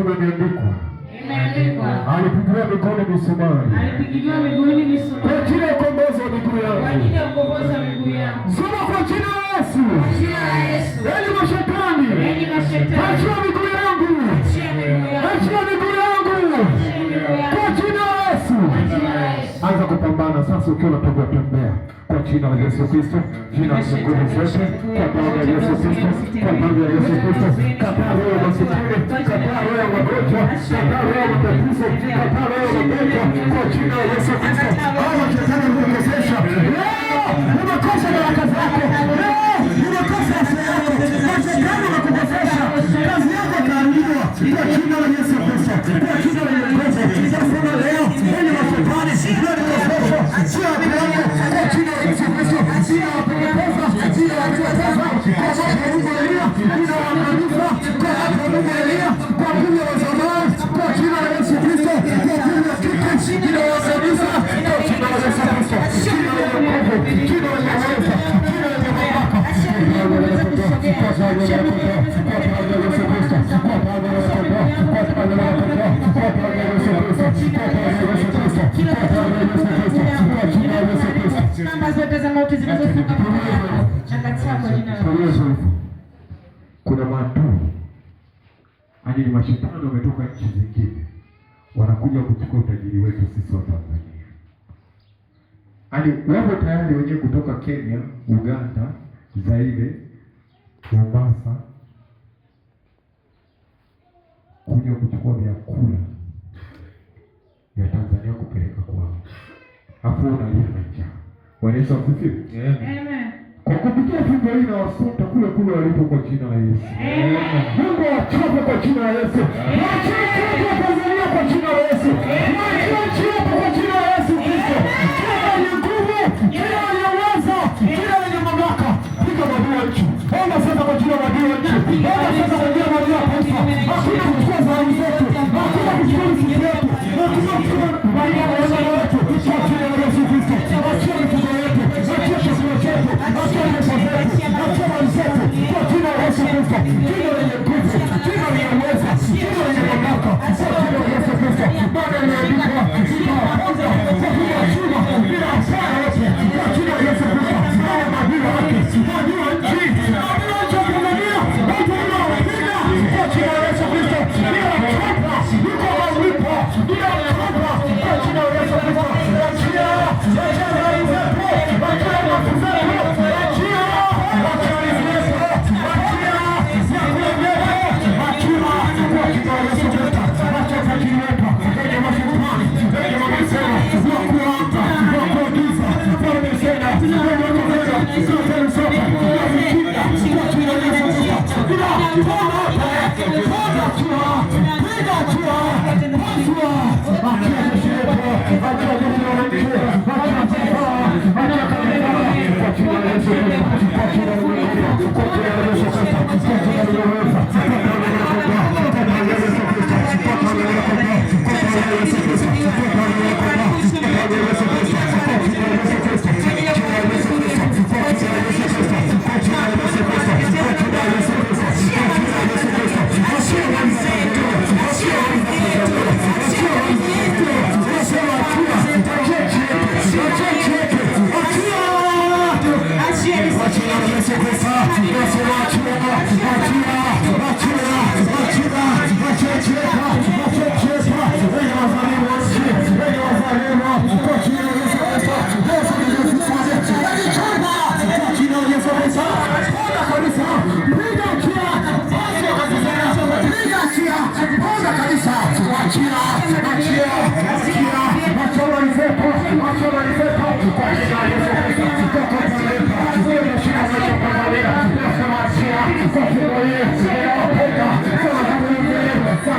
Sema imeandikwa. Imeandikwa. Alipigiwa mikono misumari. Alipigiwa miguuni misumari. Kwa ajili ya kukomboza miguu yangu. Kwa ajili ya kukomboza miguu yangu. Sema kwa jina la Yesu. Kwa jina Yesu. mashetani. mashetani. Achia miguu yangu. Achia miguu yangu. Kwa jina Yesu. Kwa jina Yesu. Anza kupambana sasa ukiwa unatembea tembea. Ginal Yesu Cristo, Ginal Socorro Santo, Capaga de Cristo, Capaga Yesu Cristo, Caparo é uma sucura, de é uma de Caparo é uma pepuça, Caparo é uma brecha, de Yesu Cristo, de que está na minha presença, não, uma coisa de é casaco, de uma coisa é certo, mas é caro na de casando a carinho, Cotina Yesu Cristo, Cotina Yesu Cristo, Cotina Yesu Cristo, Ele vai se pôr, Ele vai se pôr, Tia Bela, Kuna maadui ajili mashindano wametoka nchi zingine wanakuja kuchukua utajiri wetu sisi wa alikuwepo tayari wenyewe kutoka Kenya, Uganda, Zaire, Mombasa kuja kuchukua vyakula ya Tanzania kupeleka kwao, afu unalia na njaa. Bwana Yesu asifiwe. Amen. Kwa kupitia fimbo hii nawasuta kule kule walipo kwa jina la Yesu. Mungu awachope kwa jina la Yesu.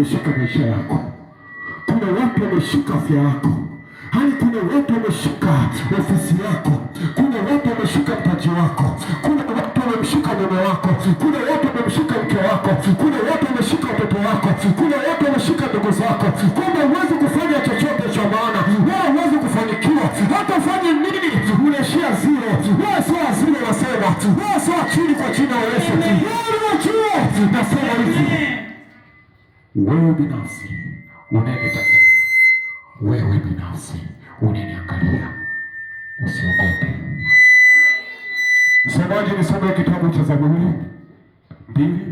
ameshika maisha yako, kuna watu wameshika afya yako, hali kuna watu wameshika ofisi yako, kuna watu wameshika mtaji wako, kuna watu wameshika mume wako, kuna watu wameshika mke wako, kuna watu wameshika mtoto wako, kuna watu wameshika ndugu zako, kwamba huwezi kufanya chochote cha maana, wala huwezi kufanikiwa. Hata ufanye nini, unaishia zero. Wewe sio asili, wasema wewe binafsi unanitazama, wewe binafsi unaniangalia, usiogope. Msomaji, nisome kitabu cha Zaburi mbili